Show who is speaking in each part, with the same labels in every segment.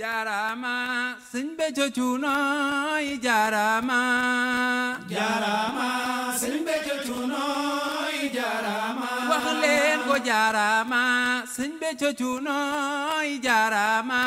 Speaker 1: jaaraama sëñ Béthio Thiounooy jaaraama wax leen ko jaaraama sëñ Béthio Thiounooy jaaraama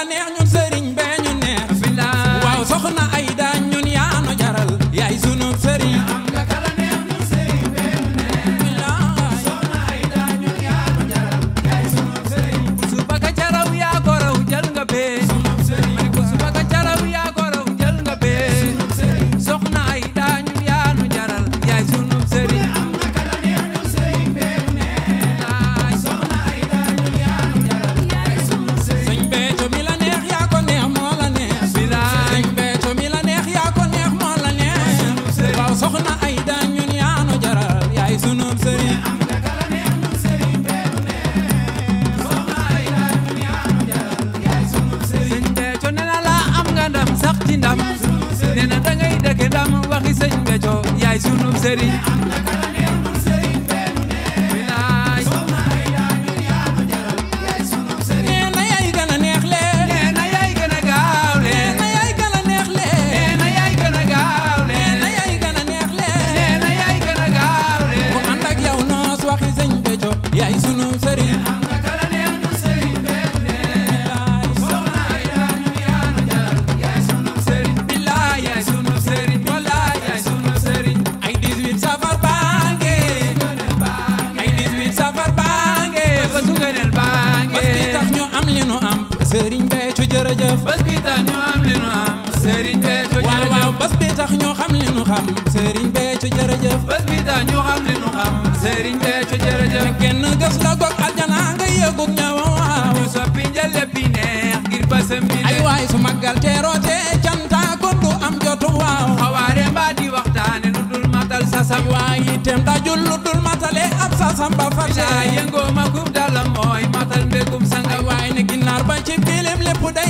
Speaker 1: planejar ndam nee na dangay dëkke ndam waxi sëñ yaay sunu sëriñ bas bi tax ñoo xam li ñu xam Serigne Béthio jërëjëf bas bi tax ñoo xam li ñu xam Serigne Béthio jërëjëf kenn gas la gog aljana nga yëgug ñawam waaw mu soppi njële bi neex ngir basam bi ay waay su màggal teeroote canta kon du am jotu waaw xawaare mbaa di waxtaane nu dul matal sasam waay itam dajul lu dul matale ab sasam ba fate daa yëngoo ma gub dala mooy matal mbégum sanga waay ne ginnaar ba ci bilim lépp day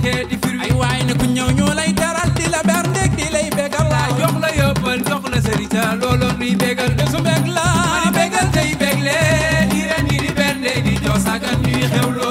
Speaker 1: nekkee di firi ay waay ne ku ñëw ñu lay teral di la ber ndeg di lay bégal la jox la yóbbal jox la sarita looloo nuy bégal de su beeg la bégal tey bégle di ren di di ber ndeg di jox sagan